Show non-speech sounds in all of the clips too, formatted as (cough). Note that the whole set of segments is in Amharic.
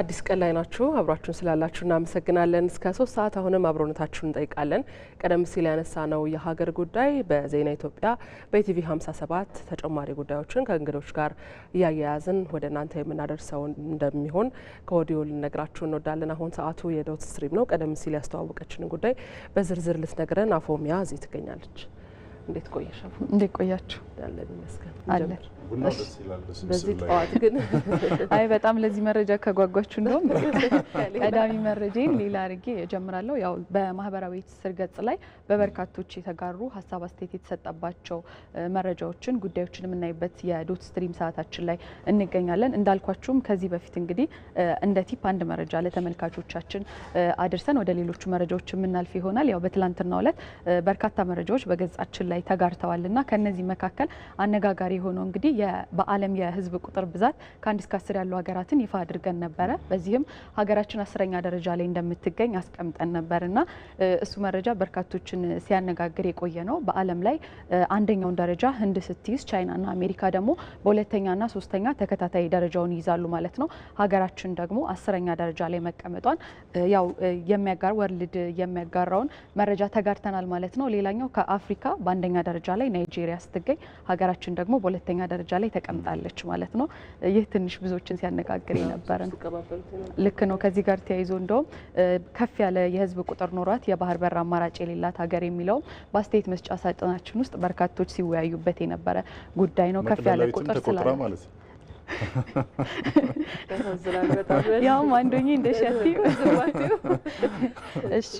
አዲስ ቀን ላይ ናችሁ። አብራችሁን ስላላችሁ እናመሰግናለን። እስከ ሶስት ሰዓት አሁንም አብሮነታችሁን እንጠይቃለን። ቀደም ሲል ያነሳ ነው የሀገር ጉዳይ በዜና ኢትዮጵያ በኢቲቪ 57 ተጨማሪ ጉዳዮችን ከእንግዶች ጋር እያያያዝን ወደ እናንተ የምናደርሰው እንደሚሆን ከወዲሁ ልነግራችሁ እንወዳለን። አሁን ሰዓቱ የዶት ስትሪም ነው። ቀደም ሲል ያስተዋወቀችን ጉዳይ በዝርዝር ልትነግረን አፎሚያ እዚህ ትገኛለች። እንዴት ቆየሽ? እንዴት ቆያችሁ? አለን ይመስገን አለ። በዚህ ጠዋት ግን (laughs) አይ በጣም ለዚህ መረጃ ከጓጓችሁ እንደውም ቀዳሚ መረጃን ሌላ አድርጌ እጀምራለሁ። ያው በማህበራዊ ትስስር ገጽ ላይ በበርካቶች የተጋሩ ሀሳብ አስተያየት የተሰጠባቸው መረጃዎችን ጉዳዮችን የምናይበት የዶት ስትሪም ሰዓታችን ላይ እንገኛለን። እንዳልኳችሁም ከዚህ በፊት እንግዲህ እንደ ቲፕ አንድ መረጃ ለተመልካቾቻችን አድርሰን ወደ ሌሎቹ መረጃዎች የምናልፍ ይሆናል። ያው በትላንትናው ዕለት በርካታ መረጃዎች በገጻችን ላይ ላይ ተጋርተዋል እና ከነዚህ መካከል አነጋጋሪ የሆነው እንግዲህ በዓለም የህዝብ ቁጥር ብዛት ከአንድ እስከ አስር ያሉ ሀገራትን ይፋ አድርገን ነበረ። በዚህም ሀገራችን አስረኛ ደረጃ ላይ እንደምትገኝ አስቀምጠን ነበር እና እሱ መረጃ በርካቶችን ሲያነጋግር የቆየ ነው። በዓለም ላይ አንደኛውን ደረጃ ህንድ ስትይዝ ቻይናና አሜሪካ ደግሞ በሁለተኛና ሶስተኛ ተከታታይ ደረጃውን ይይዛሉ ማለት ነው። ሀገራችን ደግሞ አስረኛ ደረጃ ላይ መቀመጧን ያው የሚያጋር ወርልድ የሚያጋራውን መረጃ ተጋርተናል ማለት ነው። ሌላኛው ከአፍሪካ በአንደኛ ደረጃ ላይ ናይጄሪያ ስትገኝ ሀገራችን ደግሞ በሁለተኛ ደረጃ ላይ ተቀምጣለች ማለት ነው። ይህ ትንሽ ብዙዎችን ሲያነጋግር የነበረ ነው። ልክ ነው። ከዚህ ጋር ተያይዞ እንደውም ከፍ ያለ የህዝብ ቁጥር ኖሯት የባህር በር አማራጭ የሌላት ሀገር የሚለውም በአስተያየት መስጫ ሳጥናችን ውስጥ በርካቶች ሲወያዩበት የነበረ ጉዳይ ነው። ከፍ ያለ ቁጥር ስላለ (laughs) ያውም አንዱኝ እንደ ሸቲ እሺ፣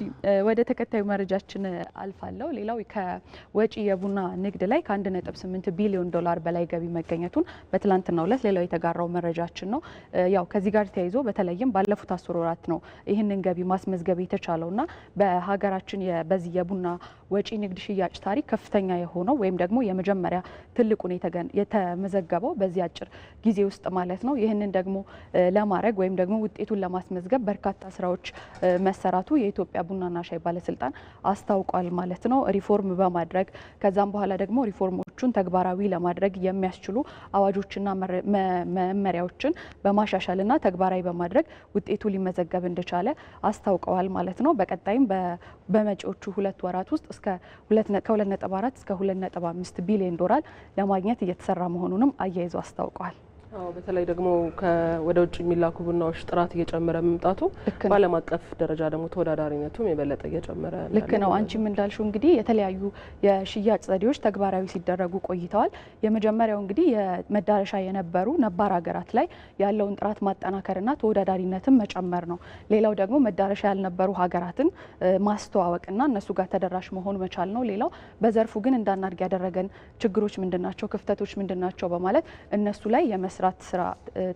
ወደ ተከታዩ መረጃችን አልፋለሁ። ሌላው ከወጪ የቡና ንግድ ላይ ከአንድ ከ1.8 ቢሊዮን ዶላር በላይ ገቢ መገኘቱን በትላንትናው ዕለት ሌላው የተጋራው መረጃችን ነው። ያው ከዚህ ጋር ተያይዞ በተለይም ባለፉት አስር ወራት ነው ይህንን ገቢ ማስመዝገብ የተቻለው እና በሀገራችን በዚህ የቡና ወጪ ንግድ ሽያጭ ታሪክ ከፍተኛ የሆነው ወይም ደግሞ የመጀመሪያ ትልቁን የተመዘገበው በዚህ አጭር ጊዜ ጊዜ ውስጥ ማለት ነው። ይህንን ደግሞ ለማድረግ ወይም ደግሞ ውጤቱን ለማስመዝገብ በርካታ ስራዎች መሰራቱ የኢትዮጵያ ቡናና ሻይ ባለስልጣን አስታውቋል ማለት ነው። ሪፎርም በማድረግ ከዛም በኋላ ደግሞ ሪፎርሞቹን ተግባራዊ ለማድረግ የሚያስችሉ አዋጆችና መመሪያዎችን በማሻሻልና ተግባራዊ በማድረግ ውጤቱ ሊመዘገብ እንደቻለ አስታውቀዋል ማለት ነው። በቀጣይም በመጪዎቹ ሁለት ወራት ውስጥ እስከ ከ2.4 እስከ 2.5 ቢሊዮን ዶላር ለማግኘት እየተሰራ መሆኑንም አያይዞ አስታውቀዋል። አዎ በተለይ ደግሞ ወደ ውጭ የሚላኩ ቡናዎች ጥራት እየጨመረ መምጣቱ በዓለም አቀፍ ደረጃ ደግሞ ተወዳዳሪነቱም የበለጠ እየጨመረ ልክ ነው። አንቺም እንዳልሽው እንግዲህ የተለያዩ የሽያጭ ዘዴዎች ተግባራዊ ሲደረጉ ቆይተዋል። የመጀመሪያው እንግዲህ መዳረሻ የነበሩ ነባር ሀገራት ላይ ያለውን ጥራት ማጠናከርና ተወዳዳሪነትን መጨመር ነው። ሌላው ደግሞ መዳረሻ ያልነበሩ ሀገራትን ማስተዋወቅና እነሱ ጋር ተደራሽ መሆን መቻል ነው። ሌላው በዘርፉ ግን እንዳናድግ ያደረገን ችግሮች ምንድናቸው፣ ክፍተቶች ምንድናቸው በማለት እነሱ ላይ የመስ የመስራት ስራ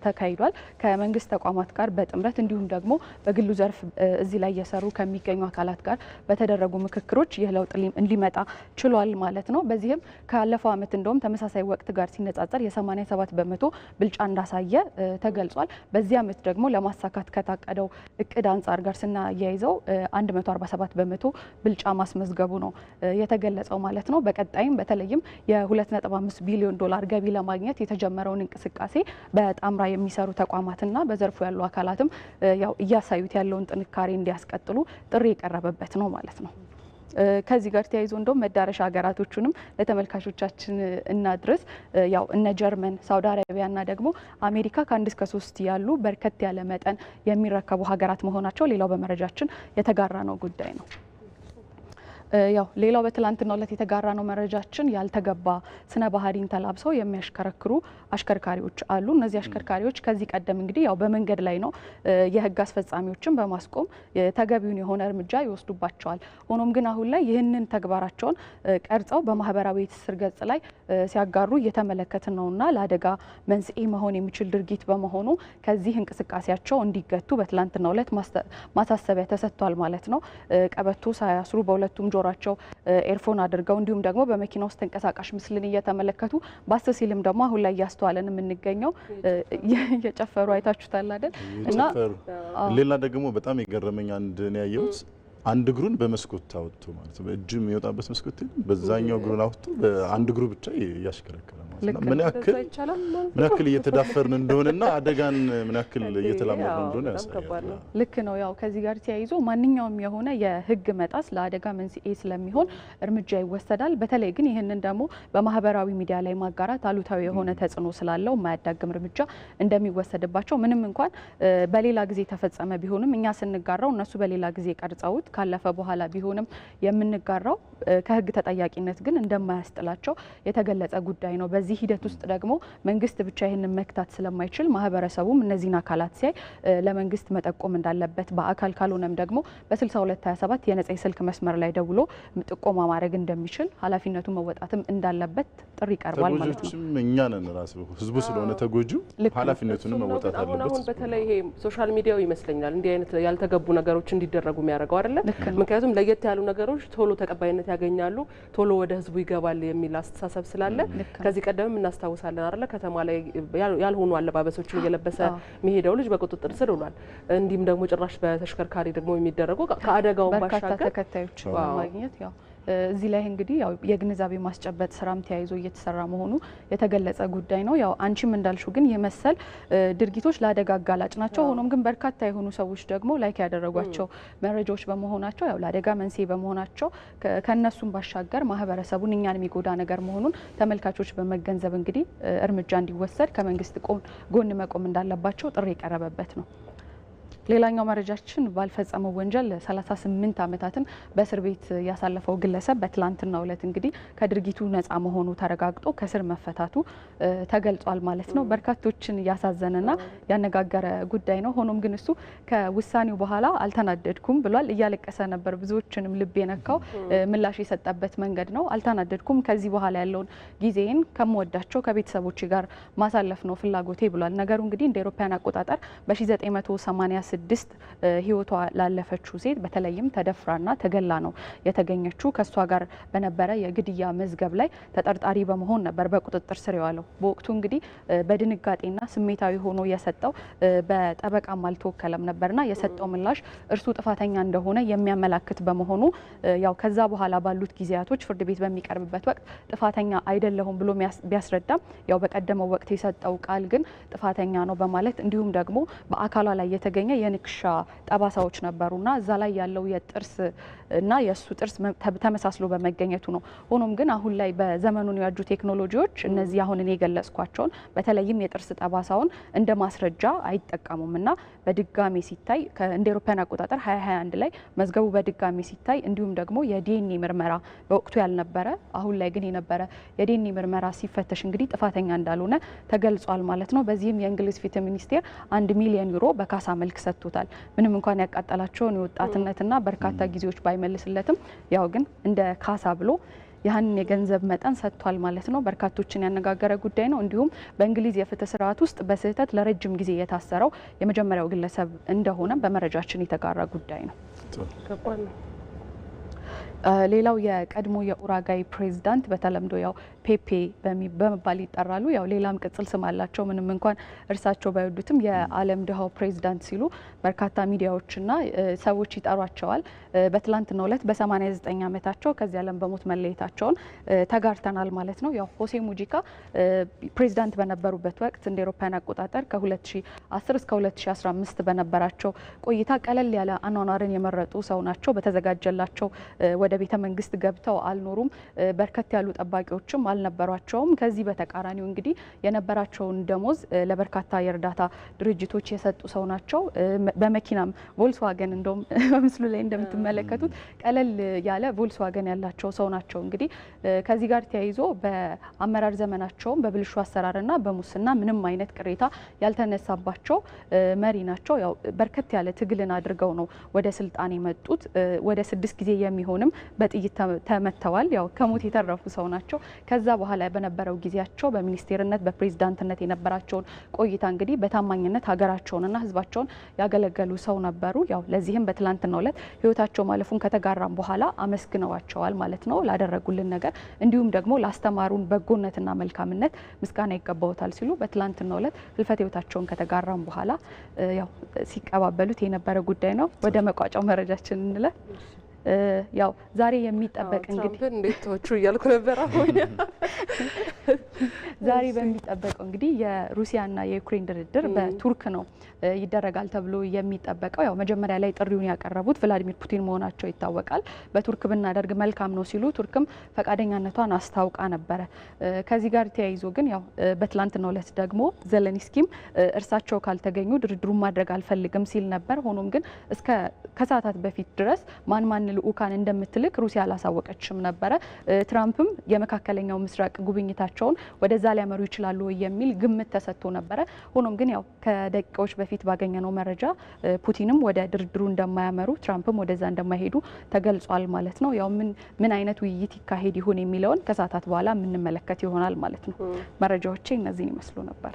ተካሂዷል። ከመንግስት ተቋማት ጋር በጥምረት እንዲሁም ደግሞ በግሉ ዘርፍ እዚህ ላይ እየሰሩ ከሚገኙ አካላት ጋር በተደረጉ ምክክሮች ይህ ለውጥ እንዲመጣ ችሏል ማለት ነው። በዚህም ካለፈው ዓመት እንደውም ተመሳሳይ ወቅት ጋር ሲነጻጸር የ87 በመቶ ብልጫ እንዳሳየ ተገልጿል። በዚህ ዓመት ደግሞ ለማሳካት ከታቀደው እቅድ አንጻር ጋር ስናያይዘው 147 በመቶ ብልጫ ማስመዝገቡ ነው የተገለጸው ማለት ነው። በቀጣይም በተለይም የ2.5 ቢሊዮን ዶላር ገቢ ለማግኘት የተጀመረውን እንቅስቃሴ እንቅስቃሴ በጣምራ የሚሰሩ ተቋማትና በዘርፉ ያሉ አካላትም ያው እያሳዩት ያለውን ጥንካሬ እንዲያስቀጥሉ ጥሪ የቀረበበት ነው ማለት ነው። ከዚህ ጋር ተያይዞ እንደውም መዳረሻ ሀገራቶቹንም ለተመልካቾቻችን እናድረስ። ያው እነ ጀርመን፣ ሳውዲ አረቢያና ደግሞ አሜሪካ ከአንድ እስከ ሶስት ያሉ በርከት ያለ መጠን የሚረከቡ ሀገራት መሆናቸው ሌላው በመረጃችን የተጋራ ነው ጉዳይ ነው። ያው ሌላው በትላንትናው ዕለት የተጋራ ነው መረጃችን ያልተገባ ስነ ባህሪን ተላብሰው የሚያሽከረክሩ አሽከርካሪዎች አሉ። እነዚህ አሽከርካሪዎች ከዚህ ቀደም እንግዲህ ያው በመንገድ ላይ ነው የህግ አስፈጻሚዎችን በማስቆም ተገቢውን የሆነ እርምጃ ይወስዱባቸዋል። ሆኖም ግን አሁን ላይ ይህንን ተግባራቸውን ቀርጸው በማህበራዊ ትስስር ገጽ ላይ ሲያጋሩ እየተመለከትን ነውና ለአደጋ መንስኤ መሆን የሚችል ድርጊት በመሆኑ ከዚህ እንቅስቃሴያቸው እንዲገቱ በትላንትናው ዕለት ማሳሰቢያ ተሰጥቷል ማለት ነው። ቀበቶ ሳያስሩ በሁለቱም ጆ በጆሯቸው ኤርፎን አድርገው እንዲሁም ደግሞ በመኪና ውስጥ ተንቀሳቃሽ ምስልን እየተመለከቱ ባስ ሲልም ደግሞ አሁን ላይ እያስተዋለን የምንገኘው እየጨፈሩ አይታችሁታል አይደል? እና ሌላ ደግሞ በጣም የገረመኝ አንድ ነው ያየሁት አንድ እግሩን በመስኮት አወጥቶ ማለት ነው። እጁ የሚወጣበት መስኮት በዛኛው እግሩን አውጥቶ አንድ እግሩ ብቻ እያሽከረከረ ነው። ምን ያክል ምን ያክል እየተዳፈርን እንደሆነና አደጋን ምን ያክል እየተላመድን እንደሆነ ያሳያል። ልክ ነው። ያው ከዚህ ጋር ተያይዞ ማንኛውም የሆነ የህግ መጣስ ለአደጋ መንስኤ ስለሚሆን እርምጃ ይወሰዳል። በተለይ ግን ይህንን ደግሞ በማህበራዊ ሚዲያ ላይ ማጋራት አሉታዊ የሆነ ተጽዕኖ ስላለው የማያዳግም እርምጃ እንደሚወሰድባቸው ምንም እንኳን በሌላ ጊዜ ተፈጸመ ቢሆንም እኛ ስንጋራው እነሱ በሌላ ጊዜ ቀርጸውት ካለፈ በኋላ ቢሆንም የምንጋራው ከህግ ተጠያቂነት ግን እንደማያስጥላቸው የተገለጸ ጉዳይ ነው። በዚህ በዚህ ሂደት ውስጥ ደግሞ መንግስት ብቻ ይህንን መክታት ስለማይችል ማህበረሰቡም እነዚህን አካላት ሲያይ ለመንግስት መጠቆም እንዳለበት በአካል ካልሆነም ደግሞ በ6227 የነጻ ስልክ መስመር ላይ ደውሎ ጥቆማ ማድረግ እንደሚችል ኃላፊነቱ መወጣትም እንዳለበት ጥሪ ቀርቧል ማለት ነው። እኛ ነን ራስ ህዝቡ ስለሆነ ተጎጁ ኃላፊነቱንም መወጣት አለበት። አሁን በተለይ ይሄ ሶሻል ሚዲያው ይመስለኛል እንዲህ አይነት ያልተገቡ ነገሮች እንዲደረጉ የሚያደርገው አይደለ? ምክንያቱም ለየት ያሉ ነገሮች ቶሎ ተቀባይነት ያገኛሉ፣ ቶሎ ወደ ህዝቡ ይገባል የሚል አስተሳሰብ ስላለ ከዚህ ቀደም እናስታውሳለን አይደለ? ከተማ ላይ ያልሆኑ አለባበሶችን እየለበሰ የሚሄደው ልጅ በቁጥጥር ስር ውሏል። እንዲሁም ደግሞ ጭራሽ በተሽከርካሪ ደግሞ የሚደረጉ ከአደጋው ባሻገር ተከታዮች ማግኘት ያው እዚህ ላይ እንግዲህ ያው የግንዛቤ ማስጨበጥ ስራም ተያይዞ እየተሰራ መሆኑ የተገለጸ ጉዳይ ነው። ያው አንቺም እንዳልሹ ግን የመሰል ድርጊቶች ለአደጋ አጋላጭ ናቸው። ሆኖም ግን በርካታ የሆኑ ሰዎች ደግሞ ላይክ ያደረጓቸው መረጃዎች በመሆናቸው ያው ለአደጋ መንስኤ በመሆናቸው ከእነሱም ባሻገር ማህበረሰቡን እኛን የሚጎዳ ነገር መሆኑን ተመልካቾች በመገንዘብ እንግዲህ እርምጃ እንዲወሰድ ከመንግስት ጎን መቆም እንዳለባቸው ጥሪ የቀረበበት ነው። ሌላኛው መረጃችን ባልፈጸመው ወንጀል ለ38 ዓመታትን በእስር ቤት ያሳለፈው ግለሰብ በትላንትናው ዕለት እንግዲህ ከድርጊቱ ነፃ መሆኑ ተረጋግጦ ከስር መፈታቱ ተገልጿል ማለት ነው። በርካቶችን ያሳዘነና ያነጋገረ ጉዳይ ነው። ሆኖም ግን እሱ ከውሳኔው በኋላ አልተናደድኩም ብሏል። እያለቀሰ ነበር። ብዙዎችንም ልብ የነካው ምላሽ የሰጠበት መንገድ ነው። አልተናደድኩም፣ ከዚህ በኋላ ያለውን ጊዜን ከምወዳቸው ከቤተሰቦች ጋር ማሳለፍ ነው ፍላጎቴ ብሏል። ነገሩ እንግዲህ እንደ አውሮፓውያን አቆጣጠር በ1986 ስድስት ህይወቷ ላለፈችው ሴት በተለይም ተደፍራና ተገላ ነው የተገኘችው። ከእሷ ጋር በነበረ የግድያ መዝገብ ላይ ተጠርጣሪ በመሆን ነበር በቁጥጥር ስር የዋለው። በወቅቱ እንግዲህ በድንጋጤና ስሜታዊ ሆኖ የሰጠው በጠበቃም አልተወከለም ነበርና የሰጠው ምላሽ እርሱ ጥፋተኛ እንደሆነ የሚያመላክት በመሆኑ ያው ከዛ በኋላ ባሉት ጊዜያቶች ፍርድ ቤት በሚቀርብበት ወቅት ጥፋተኛ አይደለሁም ብሎ ቢያስረዳም ያው በቀደመው ወቅት የሰጠው ቃል ግን ጥፋተኛ ነው በማለት እንዲሁም ደግሞ በአካሏ ላይ የተገኘ የንክሻ ጠባሳዎች ነበሩና እዛ ላይ ያለው የጥርስ እና የእሱ ጥርስ ተመሳስሎ በመገኘቱ ነው። ሆኖም ግን አሁን ላይ በዘመኑን ያጁ ቴክኖሎጂዎች እነዚህ አሁን እኔ የገለጽኳቸውን በተለይም የጥርስ ጠባሳውን እንደ ማስረጃ አይጠቀሙም እና በድጋሚ ሲታይ እንደ ኤሮፓያን አቆጣጠር 2021 ላይ መዝገቡ በድጋሚ ሲታይ እንዲሁም ደግሞ የዲኤንኤ ምርመራ በወቅቱ ያልነበረ አሁን ላይ ግን የነበረ የዲኤንኤ ምርመራ ሲፈተሽ እንግዲህ ጥፋተኛ እንዳልሆነ ተገልጿል ማለት ነው። በዚህም የእንግሊዝ ፍትህ ሚኒስቴር አንድ ሚሊዮን ዩሮ በካሳ መልክ ረድቶታል። ምንም እንኳን ያቃጠላቸውን የወጣትነትና በርካታ ጊዜዎች ባይመልስለትም ያው ግን እንደ ካሳ ብሎ ያህንን የገንዘብ መጠን ሰጥቷል ማለት ነው። በርካቶችን ያነጋገረ ጉዳይ ነው። እንዲሁም በእንግሊዝ የፍትህ ስርዓት ውስጥ በስህተት ለረጅም ጊዜ የታሰረው የመጀመሪያው ግለሰብ እንደሆነ በመረጃችን የተጋራ ጉዳይ ነው። ሌላው የቀድሞ የኡራጋይ ፕሬዝዳንት በተለምዶ ያው ፔፔ በመባል ይጠራሉ። ያው ሌላም ቅጽል ስም አላቸው። ምንም እንኳን እርሳቸው ባይወዱትም የዓለም ድሃው ፕሬዚዳንት ሲሉ በርካታ ሚዲያዎችና ሰዎች ይጠሯቸዋል። በትላንትናው ዕለት በ89 ዓመታቸው ከዚህ ዓለም በሞት መለየታቸውን ተጋርተናል ማለት ነው። ያው ሆሴ ሙጂካ ፕሬዚዳንት በነበሩበት ወቅት እንደ ኤሮፓያን አቆጣጠር ከ2010 እስከ 2015 በነበራቸው ቆይታ ቀለል ያለ አኗኗርን የመረጡ ሰው ናቸው። በተዘጋጀላቸው ወደ ቤተ መንግስት ገብተው አልኖሩም። በርከት ያሉ ጠባቂዎችም አልነበሯቸውም። ከዚህ በተቃራኒው እንግዲህ የነበራቸውን ደሞዝ ለበርካታ የእርዳታ ድርጅቶች የሰጡ ሰው ናቸው። በመኪናም ቮልስዋገን እንደውም (laughs) በምስሉ ላይ እንደምትመለከቱት ቀለል ያለ ቮልስዋገን ያላቸው ሰው ናቸው። እንግዲህ ከዚህ ጋር ተያይዞ በአመራር ዘመናቸውም በብልሹ አሰራርና በሙስና ምንም አይነት ቅሬታ ያልተነሳባቸው መሪ ናቸው። ያው በርከት ያለ ትግልን አድርገው ነው ወደ ስልጣን የመጡት። ወደ ስድስት ጊዜ የሚሆንም በጥይት ተመተዋል። ያው ከሞት የተረፉ ሰው ናቸው። ከዛ በኋላ በነበረው ጊዜያቸው በሚኒስቴርነት በፕሬዝዳንትነት የነበራቸውን ቆይታ እንግዲህ በታማኝነት ሀገራቸውንና ህዝባቸውን ያገለገሉ ሰው ነበሩ። ያው ለዚህም በትላንትናው ዕለት ህይወታቸው ማለፉን ከተጋራም በኋላ አመስግነዋቸዋል ማለት ነው። ላደረጉልን ነገር እንዲሁም ደግሞ ላስተማሩን በጎነትና መልካምነት ምስጋና ይገባውታል ሲሉ በትላንትናው ዕለት ህልፈት ህይወታቸውን ከተጋራም በኋላ ያው ሲቀባበሉት የነበረ ጉዳይ ነው። ወደ መቋጫው መረጃችን እንለፍ። ያው ዛሬ የሚጠበቅ እንግዲህ እንዴት ተወቹ እያልኩ ነበር። አሁን (laughs) ዛሬ በሚጠበቀው እንግዲህ የሩሲያና የዩክሬን ድርድር በቱርክ ነው ይደረጋል ተብሎ የሚጠበቀው። ያው መጀመሪያ ላይ ጥሪውን ያቀረቡት ቭላዲሚር ፑቲን መሆናቸው ይታወቃል። በቱርክ ብናደርግ መልካም ነው ሲሉ ቱርክም ፈቃደኛነቷን አስታውቃ ነበረ። ከዚህ ጋር ተያይዞ ግን ያው በትላንትናው ዕለት ደግሞ ዘለንስኪም እርሳቸው ካልተገኙ ድርድሩን ማድረግ አልፈልግም ሲል ነበር። ሆኖም ግን እስከ ከሰዓታት በፊት ድረስ ማን ማን ልዑካን እንደምትልክ ሩሲያ አላሳወቀችም ነበረ። ትራምፕም የመካከለኛው ምስራቅ ጉብኝታቸውን ወደዛ ሊያመሩ ይችላሉ የሚል ግምት ተሰጥቶ ነበረ። ሆኖም ግን ያው ከደቂቃዎች በፊት ባገኘነው መረጃ ፑቲንም ወደ ድርድሩ እንደማያመሩ ትራምፕም ወደዛ እንደማይሄዱ ተገልጿል ማለት ነው። ያው ምን ምን አይነት ውይይት ይካሄድ ይሆን የሚለውን ከሰዓታት በኋላ የምንመለከት ይሆናል ማለት ነው። መረጃዎቼ እነዚህን ይመስሉ ነበር።